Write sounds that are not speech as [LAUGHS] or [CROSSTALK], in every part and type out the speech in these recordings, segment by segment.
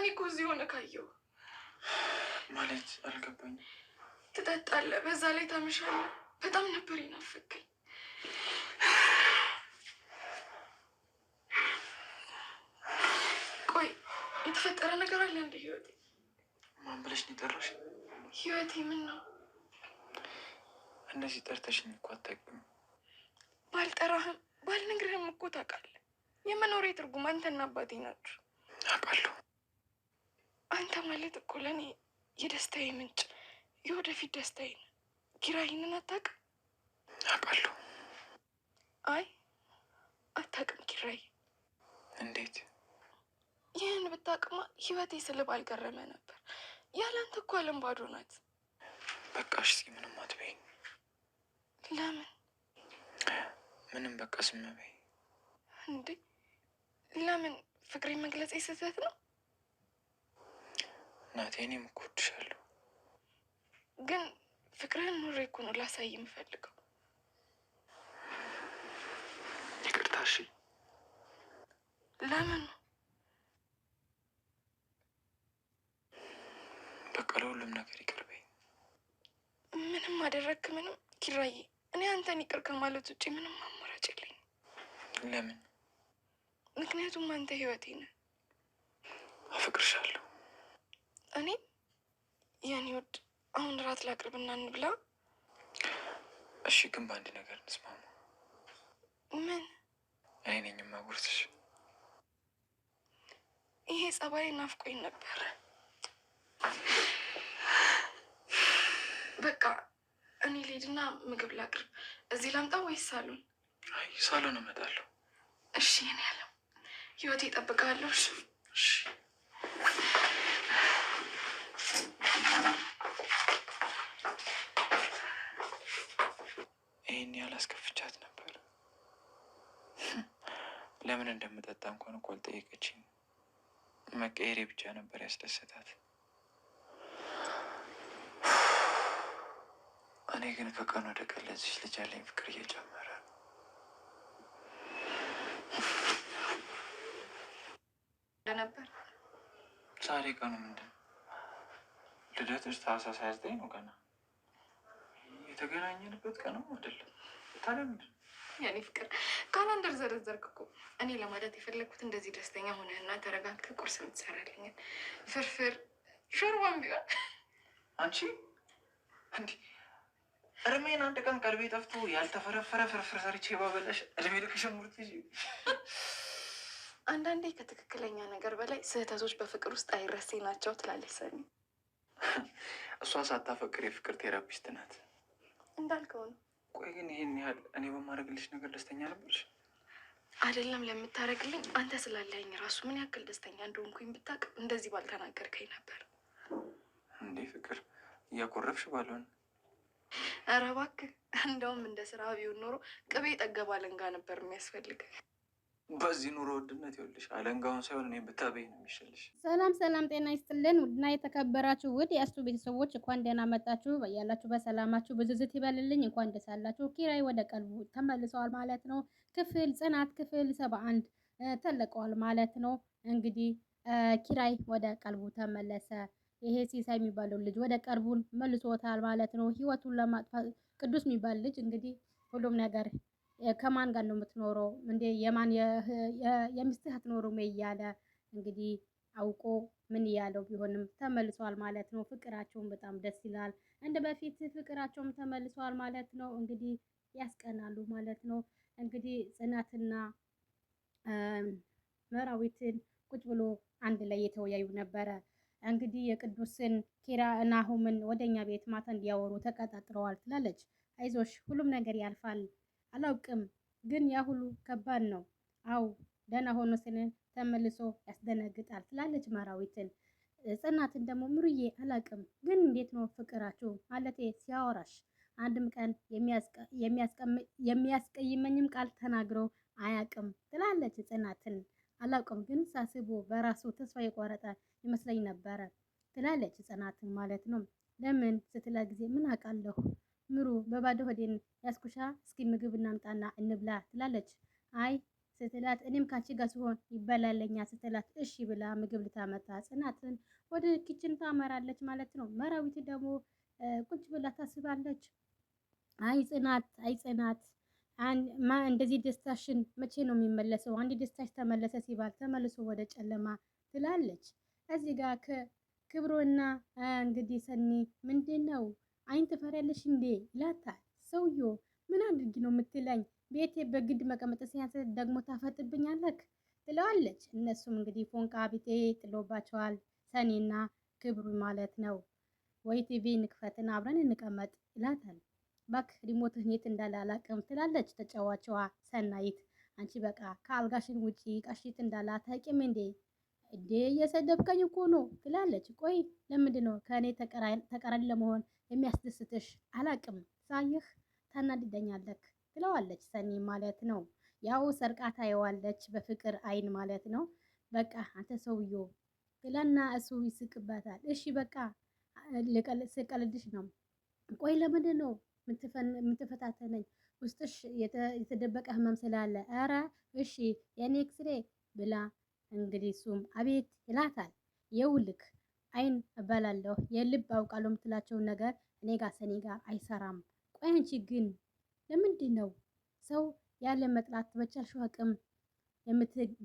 እኔ እኮ እዚህ ሆነ ካየው ማለት አልገባኝ። ትጠጣለ፣ በዛ ላይ ታመሻለህ። በጣም ነበር ይናፈቀኝ። ቆይ የተፈጠረ ነገር አለ እንደ ህይወቴ። ማን ብለሽ ነው የጠራሽ? ህይወቴ ምን ነው እነዚህ ጠርተሽኝ እኮ አታውቂም። ባልጠራህም ባልነግርህም እኮ ታውቃለህ። የመኖሬ ትርጉም አንተና አባቴ ናችሁ። አውቃለሁ። አንተ ማለት እኮ ለእኔ የደስታዬ ምንጭ የወደፊት ደስታዬ ነው። ይህንን አታውቅም? አውቃለሁ። አይ አታውቅም። ኪራይ እንዴት ይህን ብታውቅማ ህይወቴ ስልብ አልገረመ ነበር። ያለንተ እኮ አለም ባዶ ናት። በቃ እሺ፣ ምንም አትበይ። ለምን ምንም በቃ ስመበይ። እንዴ። ለምን ፍቅሬ መግለጽ ስህተት ነው? እናቴ እኔም እኮ ግን ፍቅርህን ኑሬ እኮ ነው ላሳይ የምፈልገው። ይቅርታ። እሺ። ለምን ነው በቃ ለሁሉም ነገር ይቅር በይ። ምንም አደረግክ ምንም ኪራዬ፣ እኔ አንተን ይቅር ከማለት ውጭ ምንም አማራጭ የለኝም። ለምን? ምክንያቱም አንተ ህይወቴ ነህ። አፍቅርሻለሁ እኔ የኔ ውድ አሁን ራት ላቅርብና እንብላ። እሺ፣ ግን በአንድ ነገር እንስማማ። ምን? እኔ ነኝ የማጉርስሽ። ይሄ ጸባይ ናፍቆኝ ነበር። በቃ እኔ ልሂድና ምግብ ላቅርብ። እዚህ ላምጣ ወይስ ሳሎን? አይ ሳሎን እመጣለሁ። እሺ፣ እኔ ያለው ህይወት ይጠብቃለሁ። እሺ ይህን ያላስከፍቻት ነበር። [LAUGHS] ለምን እንደምጠጣ እንኳን እኮ አልጠየቀችኝ። መቀየሬ ብቻ ነበር ያስደሰታት። [SIGHS] እኔ ግን ከቀን ወደ ቀን ለዚች ልጅ ያለኝ ፍቅር እየጨመረ ነበር ዛሬ ቀኑ ምንድን ነው? ልደትሽ ታህሳስ ሃያ ዘጠኝ ነው። ገና የተገናኘንበት ቀንም አይደለም። ታዲያ ምንድን የኔ ፍቅር? ካላንደር ዘረዘርክ እኮ። እኔ ለማለት የፈለግኩት እንደዚህ ደስተኛ ሆነህና ተረጋግተህ ቁርስ የምትሰራልኝን ፍርፍር ሾርባም ቢሆን አንቺ እንዲ እርሜን አንድ ቀን ቀልቤ ጠፍቶ ያልተፈረፈረ ፍርፍር ሰርቼ ባበላሽ እድሜ ልክሽን ሙርት ይ አንዳንዴ ከትክክለኛ ነገር በላይ ስህተቶች በፍቅር ውስጥ አይረሴ ናቸው ትላለች ሰኒ። እሷ ሳታፈቅር የፍቅር ቴራፒስት ናት እንዳልከው ነው። ቆይ ግን ይሄን ያህል እኔ በማድረግልሽ ነገር ደስተኛ ነበርሽ? አይደለም ለምታደርግልኝ አንተ ስላለኝ ራሱ ምን ያክል ደስተኛ እንደሆንኩኝ ብታውቅ እንደዚህ ባልተናገርከኝ ነበር። እንዴ ፍቅር እያኮረፍሽ ባልሆን። ኧረ እባክህ እንደውም እንደ ስራ ቢሆን ኖሮ ቅቤ ጠገባ ለንጋ ነበር የሚያስፈልግ በዚህ ኑሮ ውድነት ይኸውልሽ አለንጋውን ሳይሆን እኔ ብታበይ ነው የሚሻልሽ። ሰላም ሰላም፣ ጤና ይስጥልን ውድና የተከበራችሁ ውድ የእሱ ቤተሰቦች እንኳን ደህና መጣችሁ። በያላችሁ በሰላማችሁ ብዝዝት ይበልልኝ። እንኳን ደስ አላችሁ። ኪራይ ወደ ቀልቡ ተመልሰዋል ማለት ነው። ክፍል ጽናት ክፍል ሰባ አንድ ተለቀዋል ማለት ነው። እንግዲህ ኪራይ ወደ ቀልቡ ተመለሰ። ይሄ ሲሳይ የሚባለው ልጅ ወደ ቀልቡን መልሶታል ማለት ነው። ህይወቱን ለማጥፋት ቅዱስ የሚባል ልጅ እንግዲህ ሁሉም ነገር ከማን ጋር ነው የምትኖረው እንዴ የማን የሚስትህ አትኖሩም እያለ እንግዲህ አውቆ ምን እያለው ቢሆንም ተመልሷል ማለት ነው። ፍቅራቸውን በጣም ደስ ይላል። እንደ በፊት ፍቅራቸውም ተመልሷል ማለት ነው። እንግዲህ ያስቀናሉ ማለት ነው። እንግዲህ ጽናትና መራዊትን ቁጭ ብሎ አንድ ላይ የተወያዩ ነበረ። እንግዲህ የቅዱስን ኪራ እናሁምን ወደኛ ቤት ማታ እንዲያወሩ ተቀጣጥረዋል ትላለች። አይዞሽ ሁሉም ነገር ያልፋል አላውቅም፣ ግን ያ ሁሉ ከባድ ነው። አው ደህና ሆኖ ስለን ተመልሶ ያስደነግጣል ትላለች ማራዊትን። ጽናትን ደግሞ ምሩዬ አላውቅም፣ ግን እንዴት ነው ፍቅራችሁ ማለቴ ሲያወራሽ አንድም ቀን የሚያስቀይመኝም ቃል ተናግሮ አያውቅም ትላለች ጽናትን። አላውቅም ግን ሳስቦ በራሱ ተስፋ የቆረጠ ይመስለኝ ነበረ ትላለች ጽናትን ማለት ነው። ለምን ስትላ ጊዜ ምን አውቃለሁ ምሩ በባዶ ሆዴን ያስኩሻ፣ እስኪ ምግብ እናምጣና እንብላ ትላለች። አይ ስትላት እኔም ካንቺ ጋር ሲሆን ይበላለኛ ስትላት እሺ ብላ ምግብ ልታመጣ ጽናትን ወደ ኪችን ታመራለች ማለት ነው። መራዊት ደግሞ ቁጭ ብላ ታስባለች። አይ ጽናት፣ አይ ጽናት እንደዚህ ደስታሽን መቼ ነው የሚመለሰው? አንድ ደስታሽ ተመለሰ ሲባል ተመልሶ ወደ ጨለማ ትላለች። እዚህ ጋር ክብሮና እንግዲህ ሰኒ ምንድን ነው አይን ትፈሪያለሽ እንዴ ይላታል። ሰውዮ ምን አድርጊ ነው የምትለኝ? ቤቴ በግድ መቀመጥ ሲያንስህ ደግሞ ታፈጥብኛለክ ትለዋለች። እነሱም እንግዲህ ፎንቃ ቢጤ ጥሎባቸዋል። ሰኔና ክብሩ ማለት ነው። ወይ ቲቪ ንክፈትን አብረን እንቀመጥ ይላታል። ባክ ሪሞትህ የት እንዳለ አላቅም ትላለች ተጫዋችዋ ሰናይት። አንቺ በቃ ከአልጋሽን ውጪ ቀሽት እንዳለ አታውቂም እንዴ እንዴ እየሰደብከኝ እኮ ነው ትላለች። ቆይ ለምንድን ነው ከእኔ ተቀራኝ ለመሆን የሚያስደስትሽ አላቅም ሳይህ ታናድደኛለክ ትለዋለች ሰኒ ማለት ነው። ያው ሰርቃ ታየዋለች በፍቅር አይን ማለት ነው። በቃ አንተ ሰውዮ ትለና እሱ ይስቅባታል። እሺ በቃ ስቀልድሽ ነው። ቆይ ለምንድን ነው የምትፈታተነኝ? ውስጥሽ የተደበቀ ህመም ስላለ ኧረ እሺ የኔ ኤክስሬ ብላ እንግዲህ እሱም አቤት ይላታል። የውልክ አይን እበላለሁ የልብ አውቃለሁ የምትላቸውን ነገር እኔ ጋር ሰኔ ጋር አይሰራም። ቆይ አንቺ ግን ለምንድን ነው ሰው ያለ መጥላት በቻልሽው አቅም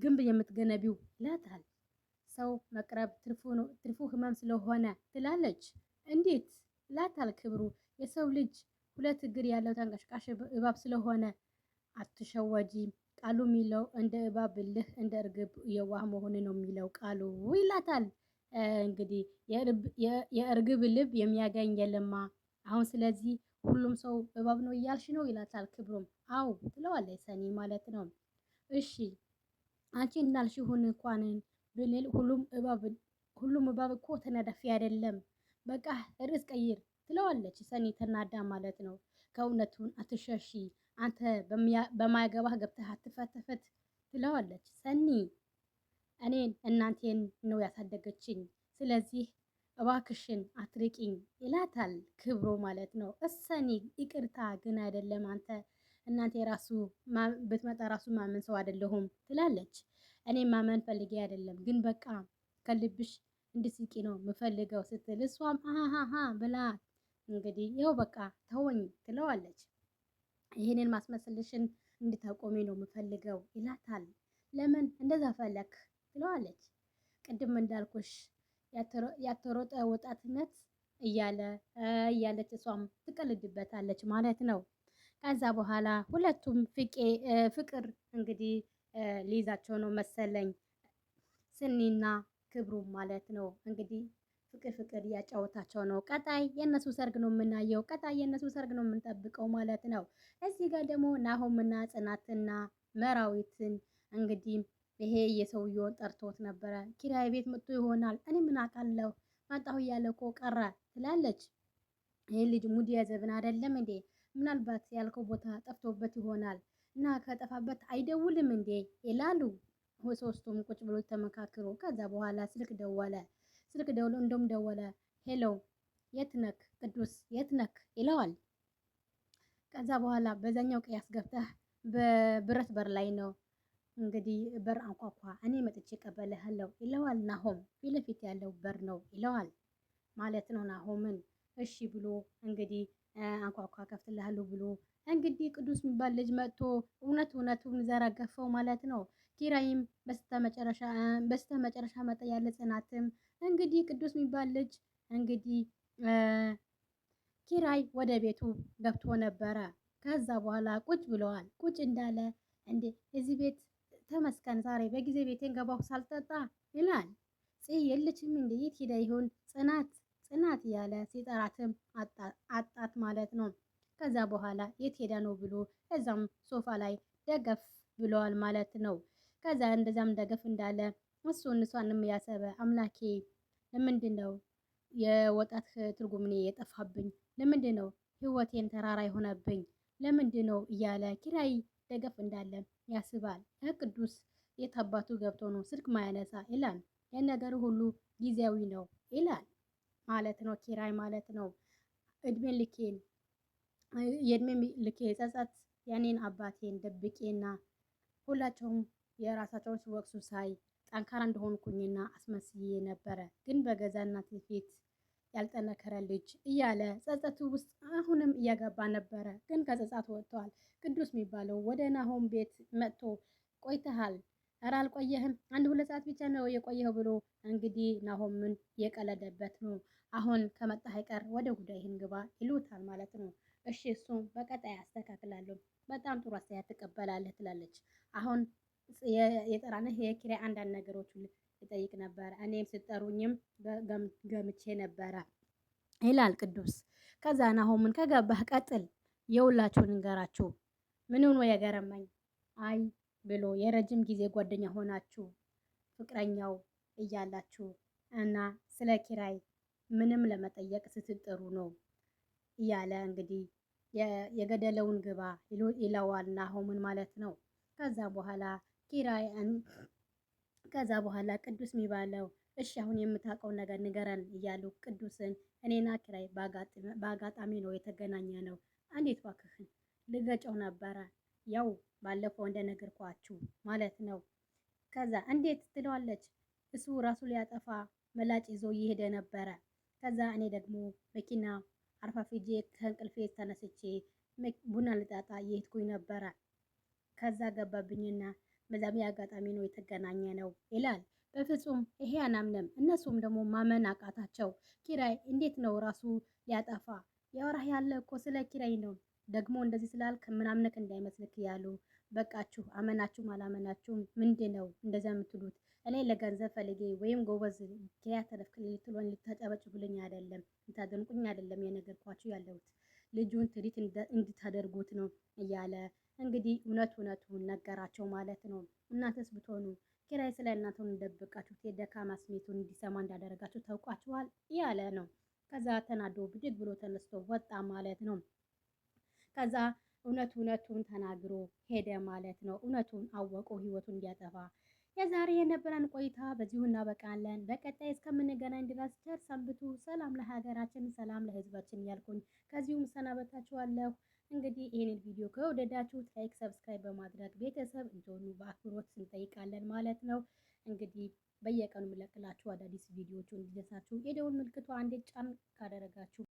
ግንብ የምትገነቢው ይላታል። ሰው መቅረብ ትርፉ ህመም ስለሆነ ትላለች። እንዴት ይላታል ክብሩ። የሰው ልጅ ሁለት እግር ያለው ተንቀሽቃሽ እባብ ስለሆነ አትሸወጂ ቃሉ የሚለው እንደ እባብ ብልህ እንደ እርግብ የዋህ መሆን ነው የሚለው ቃሉ ይላታል። እንግዲህ የእርግብ ልብ የሚያገኝ የለማ አሁን ስለዚህ ሁሉም ሰው እባብ ነው እያልሽ ነው ይላታል ክብሩም። አው ትለዋለች ሰኒ ማለት ነው። እሺ አንቺ ሁን እንኳንን ብንል ሁሉም እባብ ሁሉም እባብ እኮ ተነዳፊ አይደለም። በቃ ርዕስ ቀይር ትለዋለች ሰኒ ተናዳ ማለት ነው። ከእውነቱን አትሸሺ አንተ በማያገባህ ገብተህ አትፈተፈት ትለዋለች ሰኒ እኔን እናቴን ነው ያሳደገችኝ። ስለዚህ እባክሽን አትርቂኝ ይላታል ክብሮ ማለት ነው። እሰኒ ይቅርታ ግን አይደለም አንተ እናንተ ራሱ ብትመጣ ራሱ ማመን ሰው አይደለሁም ትላለች። እኔ ማመን ፈልጌ አይደለም ግን በቃ ከልብሽ እንድስቂ ነው ምፈልገው ስትል እሷም አሃሃ ብላ እንግዲህ ይኸው በቃ ተወኝ ትለዋለች። ይህንን ማስመሰልሽን እንድታቆሚ ነው ምፈልገው ይላታል። ለምን እንደዛ ፈለክ ትለዋለች። ቅድም እንዳልኩሽ ያተሮጠ ወጣትነት እያለ እያለች እሷም ትቀልድበታለች ማለት ነው። ከዛ በኋላ ሁለቱም ፍቄ ፍቅር እንግዲህ ሊይዛቸው ነው መሰለኝ ስኒና ክብሩ ማለት ነው እንግዲህ ፍቅር ፍቅር እያጫወታቸው ነው። ቀጣይ የእነሱ ሰርግ ነው የምናየው። ቀጣይ የእነሱ ሰርግ ነው የምንጠብቀው ማለት ነው። እዚህ ጋር ደግሞ ናሆምና ጽናትና መራዊትን እንግዲህ ይሄ የሰውየውን ጠርቶት ነበረ። ኪራይ ቤት መጥቶ ይሆናል እኔ ምን አውቃለሁ መጣሁ እያለ እኮ ቀረ ትላለች። ይሄ ልጅ ሙድ ያዘብን አይደለም እንዴ? ምናልባት ያልከው ቦታ ጠፍቶበት ይሆናል እና ከጠፋበት አይደውልም እንዴ ይላሉ። ሶስቱም ቁጭ ብሎ ተመካክሩ። ከዛ በኋላ ስልክ ደወለ። ስልክ ደውሎ እንደም ደወለ ሄሎ የት ነክ ቅዱስ የት ነክ ይለዋል። ከዛ በኋላ በዛኛው ቀያስ ገብተህ በብረት በር ላይ ነው እንግዲህ በር አንኳኳ። እኔ መጥቼ ቀበልሃለሁ ይለዋል ናሆም። ፊት ለፊት ያለው በር ነው ይለዋል ማለት ነው ናሆምን። እሺ ብሎ እንግዲህ አንኳኳ ከፍትልሃለሁ ብሎ እንግዲህ ቅዱስ የሚባል ልጅ መጥቶ እውነት እውነቱን ዘረገፈው ማለት ነው። ኪራይም በስተ መጨረሻ መጣ ያለ ጽናትም እንግዲህ ቅዱስ የሚባል ልጅ እንግዲህ ኪራይ ወደ ቤቱ ገብቶ ነበረ። ከዛ በኋላ ቁጭ ብለዋል። ቁጭ እንዳለ እንዴ እዚህ ቤት ተመስገን ዛሬ በጊዜ ቤቴን ገባሁ ሳልጠጣ ይላል። ጽይ የለችም እንዴ? የት ሄዳ ይሆን? ጽናት ጽናት እያለ ሲጠራትም አጣት ማለት ነው። ከዛ በኋላ የት ሄዳ ነው ብሎ ከዛም ሶፋ ላይ ደገፍ ብለዋል ማለት ነው። ከዛ እንደዛም ደገፍ እንዳለ እሱ እሷንም ያሰበ አምላኬ፣ ለምንድን ነው የወጣት ትርጉምኔ የጠፋብኝ? ለምንድን ነው ህይወቴን ተራራ የሆነብኝ? ለምንድን ነው እያለ ኪራይ ደገፍ እንዳለ ያስባል። ቅዱስ የት አባቱ ገብቶ ነው ስልክ ማያነሳ ይላል። የነገሩ ሁሉ ጊዜያዊ ነው ይላል ማለት ነው። ኪራይ ማለት ነው። እድሜ ልኬን የእድሜ ልኬ ጸጸት ያኔን አባቴን ደብቄና ሁላቸውም የራሳቸውን ሲወቅሱ ሳይ ጠንካራ እንደሆንኩኝና አስመስዬ ነበረ። ግን በገዛ እናቴ ፊት ያልጠነከረ ልጅ እያለ ጸጸቱ ውስጥ አሁንም እያገባ ነበረ። ግን ከጸጸት ወጥተዋል። ቅዱስ የሚባለው ወደ ናሆም ቤት መጥቶ ቆይተሃል፣ እረ አልቆየህም፣ አንድ ሁለት ሰዓት ብቻ ነው የቆየኸው ብሎ እንግዲህ ናሆምን የቀለደበት ነው። አሁን ከመጣህ አይቀር ወደ ጉዳይህን ግባ ይሉታል ማለት ነው። እሺ እሱም በቀጣይ አስተካክላለሁ፣ በጣም ጥሩ አስተያየት ትቀበላለህ ትላለች። አሁን የጠራንህ የኪራይ አንዳንድ ነገሮች ይጠይቅ ነበረ። እኔም ስጠሩኝም ገምቼ ነበረ ይላል ቅዱስ። ከዛ ናሆምን ከገባህ ቀጥል፣ የሁላችሁ እንገራችሁ ምን ሆኖ የገረመኝ አይ ብሎ የረጅም ጊዜ ጓደኛ ሆናችሁ ፍቅረኛው እያላችሁ እና ስለ ኪራይ ምንም ለመጠየቅ ስትጥሩ ነው እያለ እንግዲህ የገደለውን ግባ ይለዋል ናሆምን ማለት ነው። ከዛ በኋላ ኪራይ ከዛ በኋላ ቅዱስ የሚባለው እሺ አሁን የምታቀው ነገር ንገረን እያሉ ቅዱስን እኔና ኪራይ በአጋጣሚ ነው የተገናኘ ነው። አንዴት እባክህን ልገጨው ነበረ ያው ባለፈው እንደነገርኳችሁ ማለት ነው። ከዛ እንዴት ትለዋለች። እሱ ራሱ ሊያጠፋ መላጭ ይዞ እየሄደ ነበረ። ከዛ እኔ ደግሞ መኪና አርፋፍጄ ከእንቅልፌ ተነስቼ ቡና ልጣጣ እየሄድኩኝ ነበረ። ከዛ ገባብኝና በዛም አጋጣሚ ነው የተገናኘ ነው ይላል። በፍጹም ይሄ አናምንም። እነሱም ደግሞ ማመን አቃታቸው። ኪራይ እንዴት ነው ራሱ ሊያጠፋ ያወራህ ያለ እኮ ስለ ኪራይ ነው ደግሞ እንደዚህ ስላልክ ምናምነክ እንዳይመስልክ ያሉ በቃችሁ አመናችሁም አላመናችሁም ምንድን ነው እንደዚ የምትሉት? እኔ ለገንዘብ ፈልጌ ወይም ጎበዝ ኪራይ ተረፍክ ልትሉን ልታጨበጭቡልኝ አይደለም ልታደንቁኝ አይደለም የነገርኳችሁ ያለሁት ልጁን ትሪት እንድታደርጉት ነው እያለ እንግዲህ እውነት እውነቱን ነገራቸው ማለት ነው። እናንተስ ብትሆኑ ኪራይ ስለ እናቱን እንደደበቃችሁት የደካማ ስሜቱን እንዲሰማ እንዳደረጋችሁ ታውቋችኋል ያለ ነው። ከዛ ተናዶ ብድግ ብሎ ተነስቶ ወጣ ማለት ነው። ከዛ እውነት እውነቱን ተናግሮ ሄደ ማለት ነው። እውነቱን አወቁ ህይወቱን እንዲያጠፋ። የዛሬ የነበረን ቆይታ በዚሁ እናበቃለን። በቀጣይ እስከምንገናኝ ድረስ ቸር ሰንብቱ። ሰላም ለሀገራችን፣ ሰላም ለህዝባችን እያልኩኝ ከዚሁ እሰናበታችኋለሁ። እንግዲህ ይህንን ቪዲዮ ከወደዳችሁት ላይክ፣ ሰብስክራይብ በማድረግ ቤተሰብ እንደሆኑ በአክብሮት እንጠይቃለን ማለት ነው። እንግዲህ በየቀኑ የምለቅላችሁ አዳዲስ ቪዲዮዎች እንዲደርሳችሁ የደውል ምልክቱ አንዴ ጫን ካደረጋችሁ